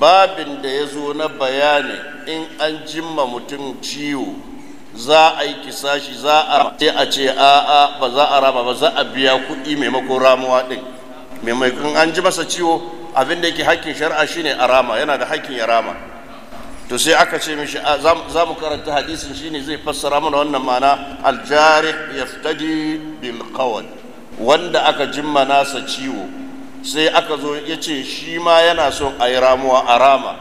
babin da ya zo na bayani in an jimma mutum ciwo za a yi kisashi za a sai a ce a ba za a raba ba za a biya kuɗi maimakon ramuwa ɗin maimakon an ji masa ciwo abin da yake hakkin shari'a shine a rama yana da hakkin ya rama to sai aka ce mishi za mu karanta hadisin shine zai fassara mana wannan ma'ana aljari yaftadi bil wanda aka jimma nasa ciwo sai aka zo ya ce shi ma yana son a yi ramuwa a rama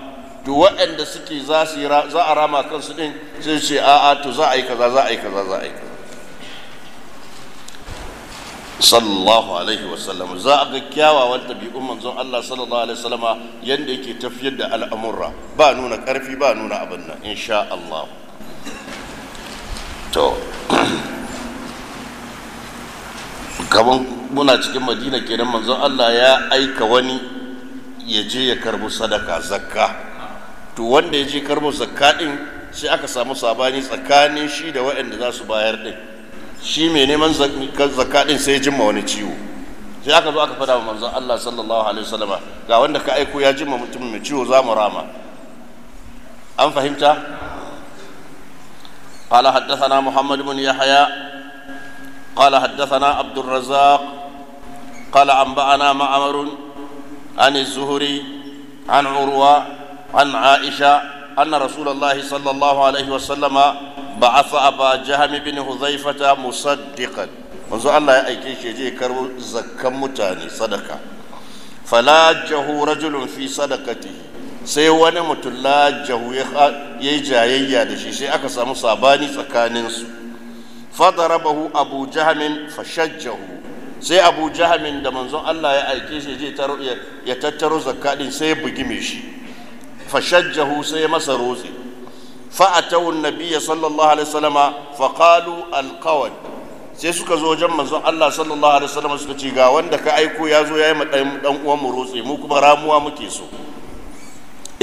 to waɗanda suke za su yi za a rama kansu ɗin sai ce a'a to za a yi kaza za a yi kaza za a yi kaza sallallahu alaihi wasallam za a ga kyawawan ɗabi'un manzon Allah sallallahu alaihi wasallama yanda yake tafiyar da al'amurra ba nuna ƙarfi ba nuna abin nan insha Allah to gaban muna cikin madina kenan manzon Allah ya aika wani ya je ya karbo sadaka zakka to wanda ya je karbo zakka din sai aka samu sabani tsakanin shi da waɗanda za su bayar din shi mai neman zakka din sai ya jimma wani ciwo sai aka zo aka fada wa manzon Allah sallallahu alaihi wasallama ga wanda ka aiko ya jimma mutum mai ciwo za mu rama an fahimta قال حدثنا محمد بن يحيى قال حدثنا عبد الرزاق قال أنبأنا معمر عن الزهري عن عروة عن عائشة أن رسول الله صلى الله عليه وسلم بعث أبا جهم بن هذيفة مصدقا منذ الله يأيكي شيء كرو زكا متاني صدقة فلاجه رجل في صدقته sai wani mutum lajahu ya yi jayayya da shi sai aka samu sabani tsakaninsu fadarabahu abu jahamin fashajjahu sai abu jahamin da manzon Allah ya aike shi je ya tattaro zakka sai ya bugi mai shi fashajjahu sai ya masa rotse fa'atau nabiyya sallallahu alaihi wasallama faqalu alqawad sai suka zo wajen manzon Allah sallallahu alaihi wasallama suka ce ga wanda ka aiko ya zo yayi madan dan uwan mu rotse mu kuma ramuwa muke so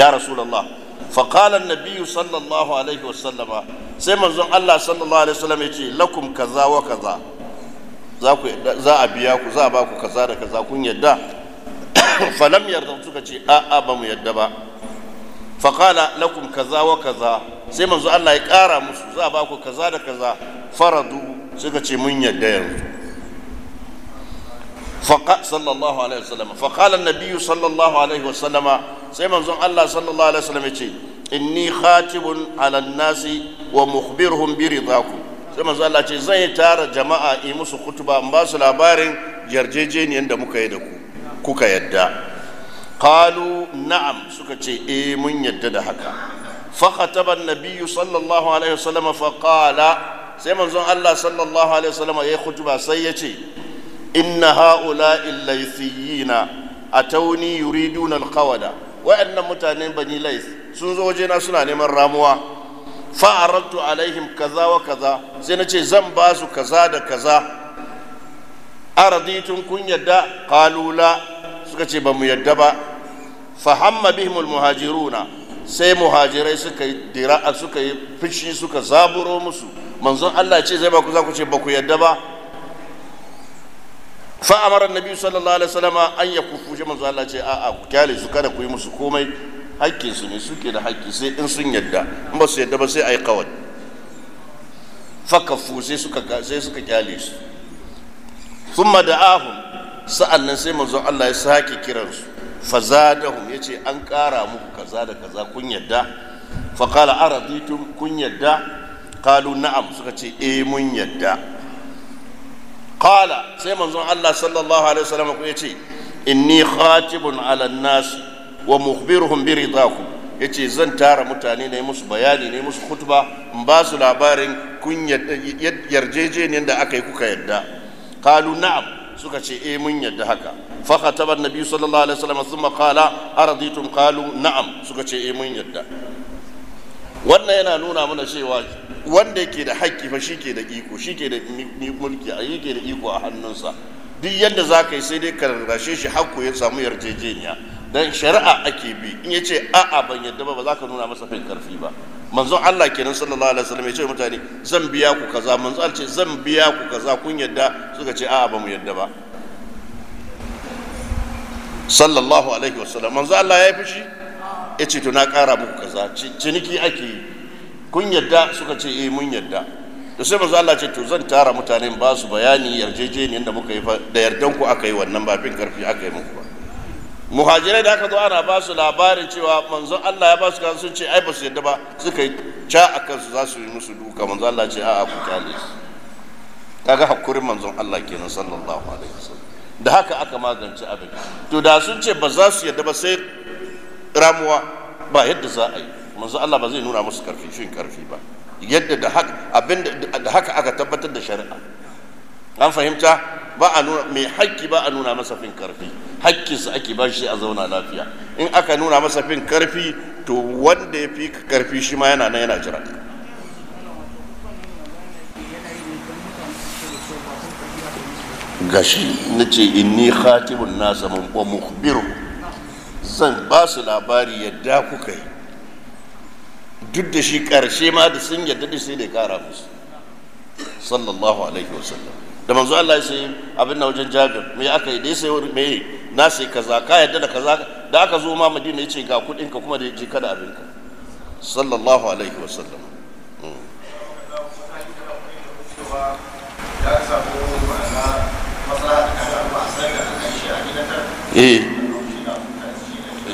ya rasulullah faqala an-nabiy sallallahu alaihi wasallama sai manzon Allah sallallahu alaihi wasallama ya ce lakum kaza wa kaza za a biya ku za a ba ku kaza da kaza kun yadda falam yarda suka ce a'a ba mu yadda ba faƙala lakum kaza wa kaza sai manzo Allah ya ƙara musu za a ba ku kaza da kaza faradu suka ce mun yadda yanzu faƙa sallallahu alaihi wasallam faƙala nabiyyu sallallahu alaihi wasallam sai manzon Allah sallallahu alaihi wasallam ya ce inni khatibun ala nasi wa mukhbiruhum bi ridakum sai manzo Allah ce zai tara jama'a yi musu kutuba in ba su labarin yarjejeniyar da muka yi da ku kuka yadda qalu na'am suka ce eh mun yadda da haka fa khataba an-nabiy sallallahu alaihi wasallam fa qala sai manzon Allah sallallahu alaihi wasallam ya kutuba sai ya ce inna ha'ula'i laythiyina atawni yuriduna al-qawada wa'annan mutanen bani laith sun zo wajena suna neman ramuwa fa'araltu alaihim kaza wa kaza sai na ce zan ba su kaza da kaza araditun kun yadda kalula suka ce ba mu yadda ba fahamma bihimul muhajiruna sai muhajirai suka yi dira'a suka yi fishi suka zaburo musu manzon Allah ce zai ba ku za ku ce ba ku yadda ba fa amara annabi sallallahu alaihi wasallam an yakuffu shi manzon Allah ce a'a ku kyale su kada ku yi musu komai hakkin su ne suke da hakki sai in sun yadda in ba su yadda ba sai a yi kawai fakafu sai suka sai suka kyale su thumma sa'an sa'annan sai manzon Allah ya sake kiransu fazadahum ce an ƙara muku kaza da kaza kun yadda fa qala araditum kun yadda qalu na'am suka ce eh mun yadda qala sai manzon Allah sallallahu alaihi wasallam ya ce inni khatibun ala nasi wa mukhbiruhum bi ridakum yace zan tara mutane ne musu bayani ne musu khutba in ba su labarin kun yarjejeniyar da aka yi kuka yadda qalu na'am suka ce eh mun yadda haka fa khataba annabi sallallahu alaihi wasallam thumma qala araditum qalu na'am suka ce eh mun yadda wannan yana nuna mana cewa wanda yake da haƙƙi fa shi ke da iko shi ke da mulki a yake da iko a hannunsa duk yadda za ka yi sai dai ka rarrashe shi hakko ya samu yarjejeniya dan shari'a ake bi in yace a'a ban yadda ba ba za ka nuna masa fin karfi ba manzo Allah kenan sallallahu alaihi wasallam ya ce mutane zan biya ku kaza manzo Allah ce zan biya ku kaza kun yadda suka ce a'a ba mu yadda ba sallallahu alaihi wasallam manzo Allah ya yi fushi ya ce to na kara muku kaza ciniki ake yi kun yadda suka ce eh mun yadda to sai manzo Allah ce to zan tara mutanen ba su bayani yarjejeniyar da muka yi da yardan ku aka yi wannan ba fin karfi aka yi muku ba muhajirai da aka zo ana ba su labarin cewa manzo Allah ya ba su kan sun ce ai ba su yadda ba suka yi ca a kansu za su yi musu duka manzo Allah ce a'a ku kyale su kaga hakurin manzo Allah kenan sallallahu alaihi wasallam da haka aka magance abin to da sun ce ba za su yadda ba sai ramuwa ba yadda za a yi manzo Allah ba zai nuna musu karfi shin karfi ba yadda da haka abin da haka aka tabbatar da shari'a an fahimta ba a nuna mai haƙƙi ba a nuna masa fin karfi hakkinsa ake ba shi a zauna lafiya in aka nuna masa fin karfi to wanda ya fi karfi shi ma yana nan yana jira gashi na ce inni khatibun nasa wa mukhbiru zan ba su labari yadda kuka yi duk da shi karshe ma da sun yadda da sai da kara musu sallallahu alaihi wasallam da manzo Allah ya sai abin na wajen Jabir me aka yi dai sai wani me na sai kaza ka yadda da kaza da aka zo ma madina yace ga kudin ka kuma da je kada abin ka sallallahu alaihi wasallam mm. eh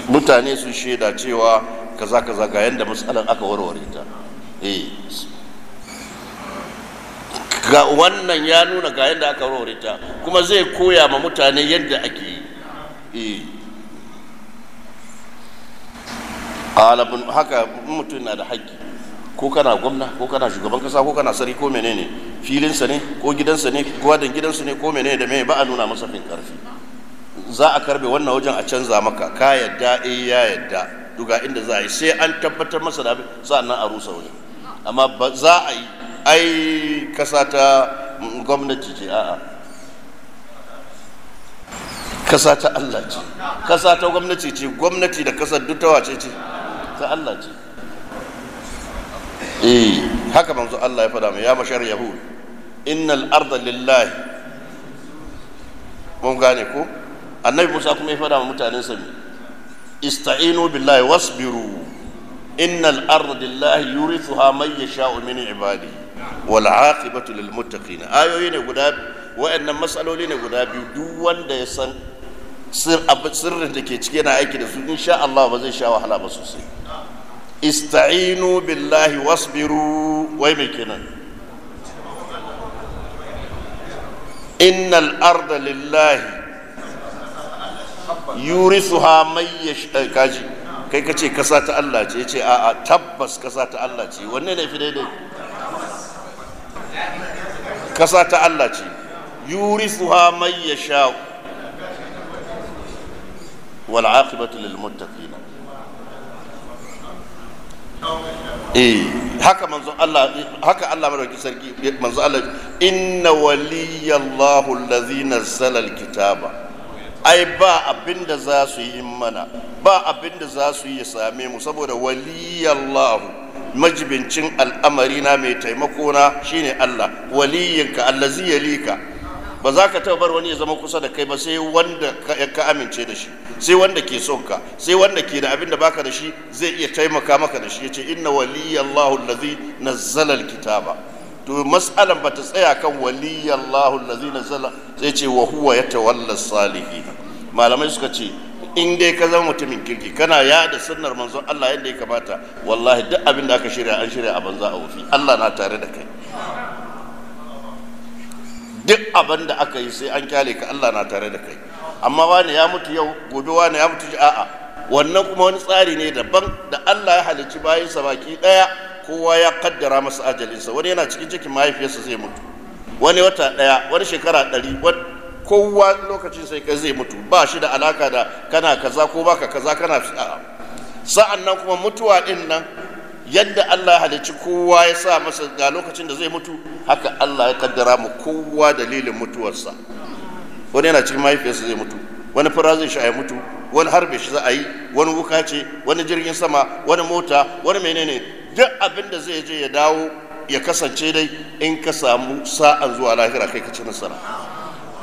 mutane su shaida cewa kaza kaza ga yanda matsalan aka warware ta eh ga wannan ya nuna ga yadda aka warware ta kuma zai koya ma mutane yadda ake yi ƙalabin e. haka mutum na da haƙƙi ko kana gwamna ko kana shugaban kasa ko kana sari ko menene filinsa ne ko gidansa ne gwadon gidansa ne ko menene da me ba a nuna masa fin karfi za a karbe wannan wajen a canza maka ka yadda eh ya yadda duga inda za a yi sai an tabbatar masa da nan a rusa wajen amma ba za a yi ai kasa ta mm, gwamnati ce a'a kasa ta Allah ce kasa ta gwamnati ce gwamnati da kasar duk ta wace ce ta Allah ce eh haka manzo Allah ya fada mai ya mashar yahud innal arda lillahi mun gane ko annabi Musa kuma ya fada mutanen sa ista'inu billahi wasbiru innal arda lillahi yurithuha man yasha'u min ibadi wal aqibatu lil muttaqin ayoyi ne guda wa'annan matsaloli ne guda biyu duk wanda ya san sirrin da ke cike na aiki da su insha Allah ba zai sha wahala ba sosai ista'inu billahi wasbiru wai mai kenan innal arda lillahi yurisuha mai yashta eh, kaji kai ka ce kasa ta Allah ce ce a a tabbas kasa ta Allah ce wanne ne fi daidai kasa ta Allah ce yurisuha mai yasha'u wal aqibatu lil muttaqin eh haka manzo Allah haka Allah madauki sarki manzo Allah inna waliyallahu allazi nazzala alkitaba ai ba abinda za su yi mana ba abinda za su yi same mu saboda waliyallahu majibincin al'amarina mai taimakona na shine Allah waliyinka allazi yalika ba za ka taɓa bar wani ya zama kusa da kai ba sai wanda ka amince da shi sai wanda ke son ka sai wanda ke da abin da baka da shi zai iya taimaka maka da shi ya yace inna waliyallahu allazi nazzala alkitaba to mas'alan ta tsaya kan waliyallahu allazi nazzala sai ce wa huwa yatawalla salihin malamai suka ce in dai ka zama mutumin kirki kana yada sunnar manzon Allah yadda ya kamata wallahi duk abin da aka shirya an shirya a banza a wufi Allah na tare da kai duk abin da aka yi sai an kyale ka Allah na tare da kai amma wani ya mutu yau gobe wani ya mutu a'a wannan kuma wani tsari ne daban da Allah ya halicci bayan sa baki daya kowa ya kaddara masa ajalinsa wani yana cikin cikin mahaifiyarsa zai mutu wani wata daya wani shekara ɗari kowa lokacin sai kai zai mutu ba shi da alaka da kana kaza ko baka kaza kana sa'an nan kuma mutuwa din nan yadda Allah ya halicci kowa ya sa masa ga lokacin da zai mutu haka Allah ya kaddara mu kowa dalilin mutuwarsa wani yana cikin mahaifiyarsa zai mutu wani fara zai sha ya mutu wani harbe shi za a yi wani wuka ce wani jirgin sama wani mota wani menene duk abin da zai je ya dawo ya kasance dai in ka samu sa'an zuwa lahira kai ka ci nasara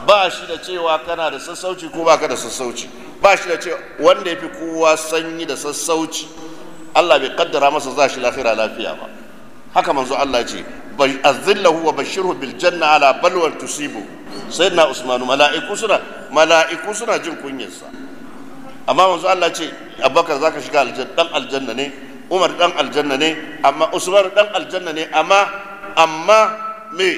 ba shi da cewa kana da sassauci ko ba ka da sassauci ba shi da cewa wanda ya fi kowa sanyi da sassauci Allah bai kaddara masa za shi lafiya lafiya ba haka manzo Allah ce azillahu wa bashirhu bil janna ala balwar tusibu sayyidina usmanu mala'iku suna mala'iku suna jin kunyarsa amma manzo Allah ce abubakar zaka shiga aljanna dan aljanna ne umar dan aljanna ne amma usman dan aljanna ne amma amma me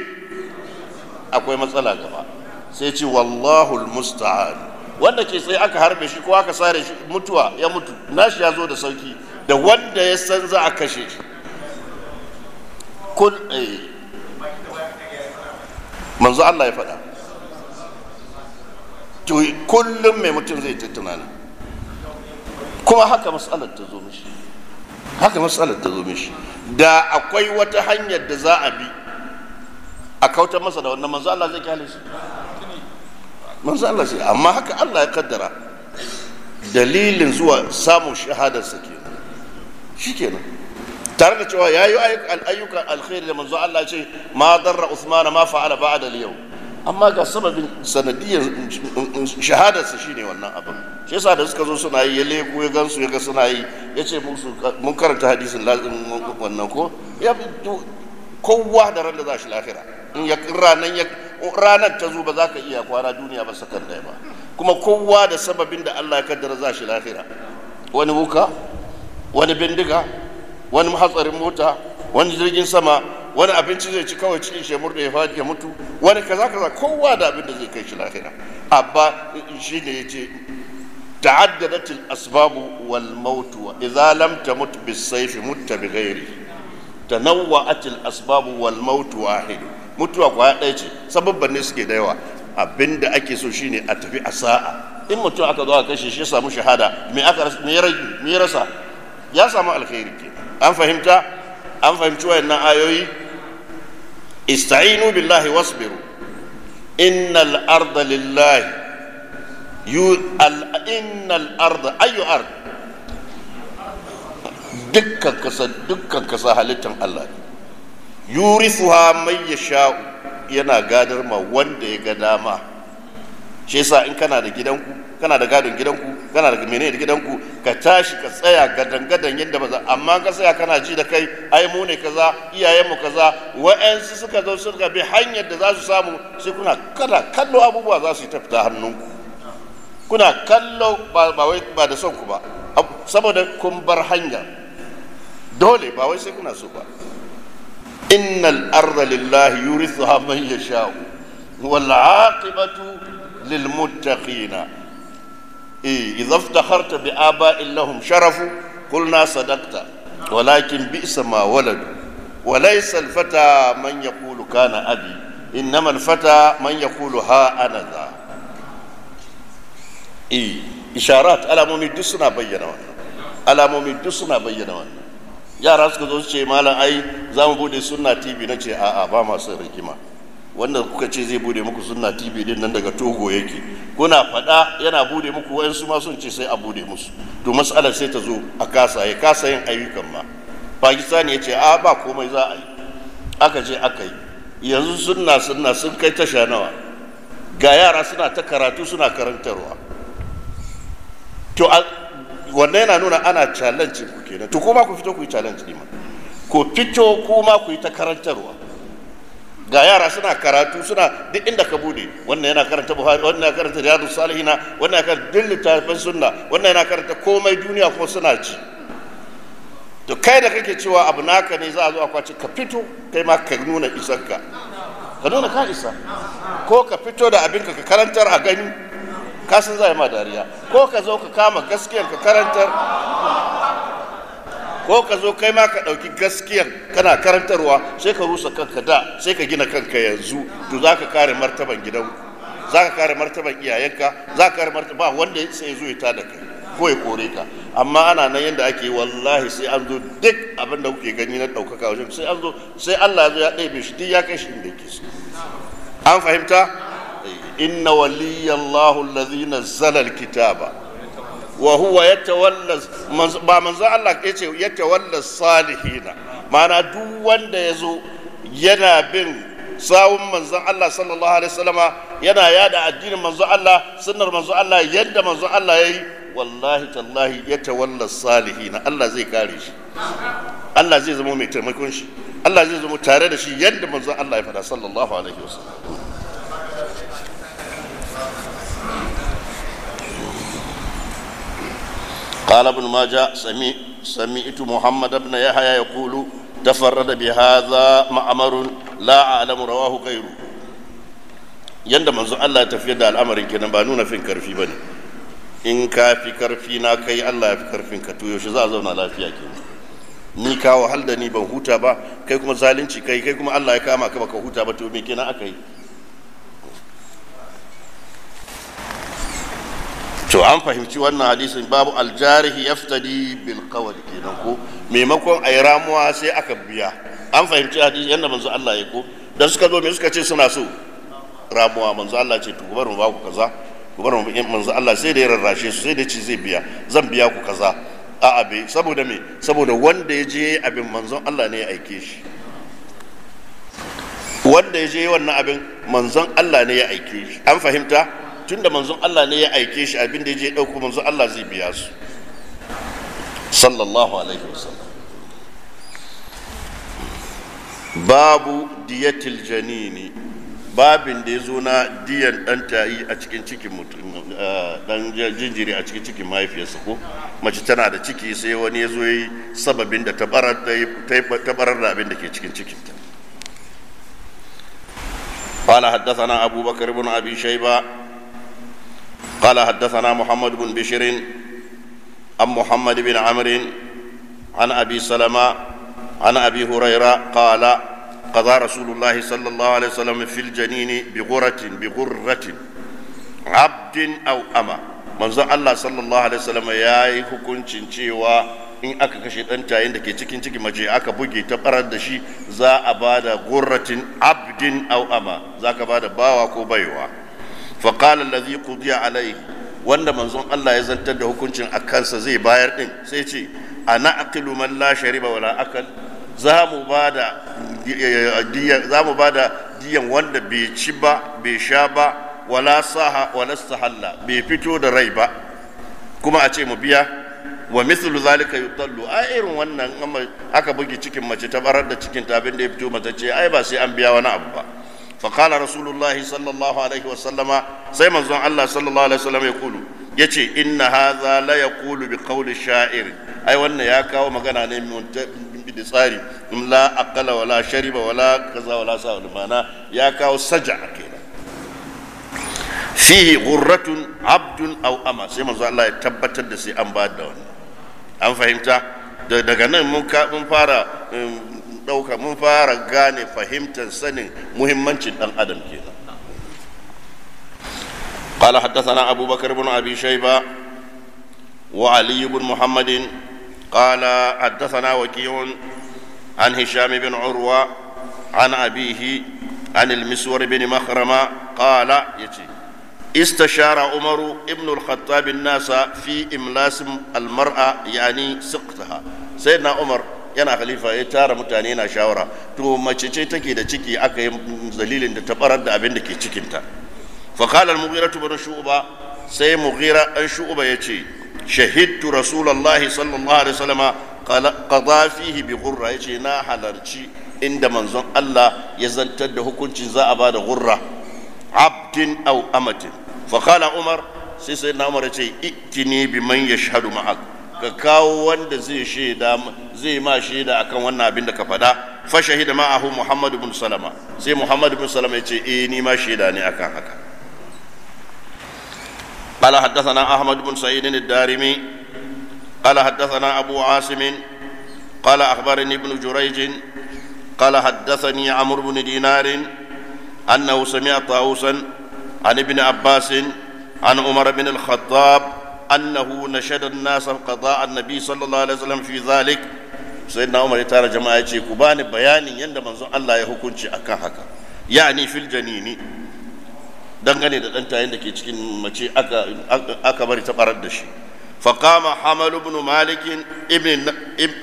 akwai matsala gaba sai ce wallahu almusta'an wanda ke sai aka harbe shi ko aka sare shi mutuwa ya mutu nashi ya zo da sauki da wanda ya san za a kashe shi kun eh. manzo Allah ya faɗa kullum mai mutum zai ta tunani, kuma haka matsalar ta zo mishi haka matsalar ta zo mishi da akwai wata hanyar da za a bi a kautar masa da wannan manzo Allah zai kyale shi manzo Allah sai amma haka Allah ya kaddara dalilin zuwa samun shahadar sa ke shikenan tare da cewa ya yi ayyukan alkhairi da manzo Allah ce ma darra Usmana ma fa'ala ba'da da yau, amma ga sababin sanadiyar shahadarsa shine wannan abin shi yasa da suka zo suna yi ya leko ya gansu ya ga suna yi ya ce mun karanta hadisin wannan ko ya kowa da ran da za shi lafira. in ya ranan ya ranar ta zo ba za ka iya kwana duniya ba sakan ɗaya ba kuma kowa da sababin da Allah ya kaddara za shi lafira wani wuka wani bindiga wani hatsarin mota wani jirgin sama wani abinci zai ci kawai cikin shemur da ya fadi ya mutu wani kaza kaza kowa da abin da zai kai shi lahira abba shi ne ya ce تعددت الأسباب والموت وإذا لم تمت بالسيف مت بغيره تنوعت الأسباب والموت واحد mutuwa kwaya ɗaya ce sababban ne suke da yawa abinda ake so shine a tafi a sa'a in mutum aka zo a kashe shi ya samu shahada me aka me rasa ya samu alkhairi ke an fahimta an fahimci wayannan ayoyi ista'inu billahi wasbiru innal arda lillahi yu al innal arda ayu ard dukkan kasa dukkan kasa halittan Allah yurisuha mai yasha yana gadar ma wanda ya ga dama shi yasa in kana da gidanku kana da gadon gidanku kana da menene gidanku ka tashi ka tsaya gadan gadan yadda ba za amma ka tsaya kana ji da kai ai mu ne kaza iyayen mu kaza wa'ansu suka zo suka bi hanyar da za su samu sai kuna kana kallo abubuwa za su yi tafita hannunku kuna kallo ba wai ba da son ku ba saboda kun bar hanya dole ba wai sai kuna so ba innal arda lillahi yurithuha man yasha'u wal aqibatu lil muttaqina eh har ta bi aba'in lahum sharafu qulna sadakta. walakin bi'sa ma waladu walaysa al-fata man yaqulu kana abi innama al-fata man yaqulu ha ana za eh isharat alamomi duk suna bayyana wannan alamomi duk suna bayyana wannan yara suka zo su ce malam za mu bude sunna tv na ce a'a ba masu rigima wanda kuka ce zai bude muku sunna tv nan daga togo yake kuna faɗa yana bude muku wayansu ma sun ce sai a bude musu to mas'alar sai ta zo a kasa ya kasa yin ayyukan ma pakistan ya ce a ba komai za a yi aka je aka yi yanzu sunna sunna sun kai tasha nawa ga yara suna ta karatu suna karantarwa to wannan yana nuna ana challenge ku kenan to kuma ku fito ku yi challenge ne ku fito kuma ku yi ta karantarwa ga yara suna karatu suna duk inda ka bude wannan yana karanta buhari wannan yana karanta riyadu salihina wannan yana karanta duk littafin sunna wannan yana karanta komai duniya ko suna ci to kai da kake cewa abu naka ne za a zo a kwace ka fito kai ma ka nuna isanka ka nuna ka isa ko ka fito da abinka ka karantar a gani kasan za a yi ma dariya ko ka zo ka kama gaskiyar ka karantar ko ka zo kai ma ka ɗauki gaskiyar kana karantarwa sai ka rusa kanka da sai ka gina kanka yanzu to za ka kare martaban gidan za ka kare martaban iyayenka za ka kare martaban wanda sai zo ya da kai ko ya kore ka amma ana nan yadda ake wallahi sai an zo duk abin da kuke gani na ɗaukaka wajen sai an zo sai Allah ya zo ya shi duk ya kai shi inda ke so an fahimta inna waliyallahu allazi zalal kitaba. wa huwa yatawalla ba manzo Allah yace yatawalla salihina mana duk wanda zo yana bin sawun manzon Allah sallallahu alaihi wasallama yana yada addinin manzon Allah sunnar manzon Allah yadda manzon Allah yayi wallahi tallahi yatawalla salihina Allah zai kare shi Allah zai zama mai taimakon shi Allah zai zama tare da shi yadda manzon Allah ya faɗa sallallahu alaihi wasallam قال ابن ماجه سمي سمعت محمد بن يحيى يقول تفرد بهذا معمر لا أعلم رواه غيره yanda manzon Allah ya tafiye da al'amarin kenan ba nuna fin karfi ba ne in ka fi karfi na kai Allah ya fi karfin ka to yaushe za a zauna lafiya ke ni ka wahal da ni ban huta ba kai kuma zalunci kai kai kuma Allah ya kama ka baka huta ba to me kenan aka yi to an fahimci wannan hadisin babu aljarihi yaftadi bil qawl kenan ko maimakon ayi ramuwa sai aka biya an fahimci hadisi yanda manzo Allah ya ko da suka zo me suka ce suna so ramuwa manzo Allah ce to barin ba ku kaza ku barin manzo Allah sai da ya rarrashe su sai da ce zai biya zan biya ku kaza a abe saboda me saboda wanda ya je abin manzon Allah ne ya aike shi wanda ya je wannan abin manzon Allah ne ya aike shi an fahimta tunda manzon Allah ne ya aike shi abin da ya je dauko manzon Allah zai biya su sallallahu alaihi wasallam babu diyatil janini babin da ya zo na diyan dan tayi a cikin cikin mutum dan jinjiri a cikin cikin mahaifiyarsa ko mace tana da ciki sai wani ya zo yi sababin da yi barar da abin da ke cikin cikin ta. قال حدثنا أبو بكر بن أبي شيبة قال حدثنا محمد بن بشير عن محمد بن عمرو عن أبي سلمة عن أبي هريرة قال قضى رسول الله صلى الله عليه وسلم في الجنين بغرة بغرة عبد أو أما manzon Allah sallallahu alaihi wasallam ya yi hukuncin cewa in aka kashe ɗan tayin da ke cikin ciki mace aka buge ta barar da shi za a ba da gurratin abdin au ama za ka ba da bawa ko baiwa فقال الذي قضي عليه wanda manzon Allah ya zantar da hukuncin a kansa zai bayar din sai ce a aqilu man la shariba wala akal za mu bada eh, eh, za mu bada diyan wanda bai ci ba bai sha ba wala saha wala sahalla bai fito da rai ba kuma a ce mu biya wa mislu zalika yutallu a irin wannan aka bugi cikin mace ta barar da cikin abin da ya fito mace ce ai ba sai an biya wani abu ba فقال رسول الله صلى الله عليه وسلم سيما زون الله صلى الله عليه وسلم يقول يتي إن هذا لا يقول بقول الشاعر أي وأن ياكا ومغانا بتصاري لا أقل ولا شرب ولا كذا ولا سا معنى ياكا وسجع كده fihi gurratun abdun au ama sai manzo Allah ya tabbatar da sai an ba da wannan an fahimta daga nan mun fara ɗauka mun fara gane fahimtar sanin muhimmancin ɗan adam ke nan ƙala haddasa abubakar bin abi shaiba wa aliyu bin muhammadin ƙala haddasa wakiyun an hisham bin urwa an abihi an ilmiswar bin makarama ƙala ya ce istashara umaru ibn al nasa fi imlasin al-mar'a yani suqtaha sai na umar yana khalifa ya tara mutane yana shawara to mace ce take da ciki aka yi dalilin da ta barar da abin da ke cikinta fa qala al-mughira bin shu'ba sai mughira an shu'ba yace shahidtu rasulullahi sallallahu alaihi wasallam qada fihi bi ghurra yace na halarci inda manzon Allah ya zantar da hukuncin za a ba da gurra abdin aw amatin umar sai sai na umar yace itini bi man yashhadu ma'ak ka kawo wanda zai shaida zai ma shaida akan wannan abin da ka faɗa fa shahida ma'ahu Muhammad ibn Salama sai Muhammad ibn Salama yace eh ni ma shaida ne akan haka قال حدثنا أحمد بن سعيد الدارمي قال حدثنا أبو عاصم قال أخبرني ابن جريج قال حدثني عمرو بن دينار أنه سمع طاووسا عن ابن عباس عن عمر بن الخطاب أنه نشد الناس قضاء النبي صلى الله عليه وسلم في ذلك سيدنا عمر تارى جماعة كبان بيان يند منظر الله يحكم أكان حكا يعني في الجنين dangane da ɗanta yadda ke cikin mace aka bari ta da shi فقام حمل بن مالك ابن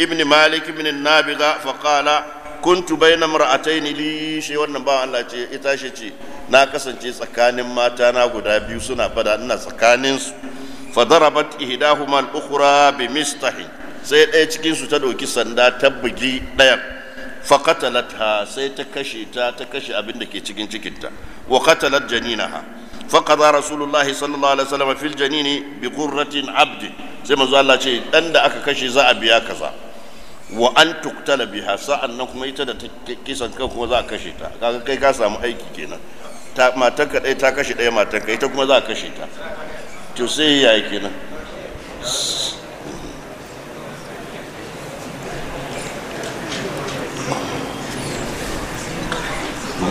ابن مالك بن النابغة فقال kuntu bayna mar'ataini li shi wannan ba Allah ce ita ce na kasance tsakanin mata na guda biyu suna fada ina tsakanin su فضربت إحداهما الأخرى بمسطح sai ɗaya cikinsu ta ɗauki sanda ta bugi ɗayan faƙatalatha sai ta kashe ta ta kashe abin da ke cikin cikinta wa qatalat janinaha faqada rasulullah sallallahu alaihi wasallam fil janini bi qurratin abdi sai manzo Allah ce dan da aka kashe za biya kaza wa an tuktala biha sa'annan kuma ita da kisan kan kuma za kashe ta kaga kai ka samu aiki kenan ta matanka ɗaya ta kashe ɗaya ita kuma za kashe ta to ya yi kenan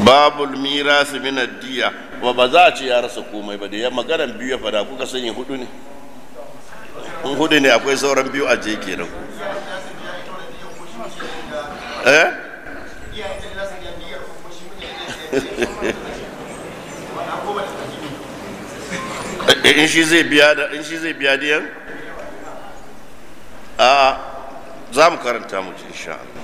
babu mirasi min diya ba za a ce ya rasa komai ba da ya magaran biyu ya fada kuka sanya hudu ne in hudu ne akwai sauran biyu a je kenan eh Eh, in shi zai biya da in shi zai biya diyan a za mu karanta mu insha Allah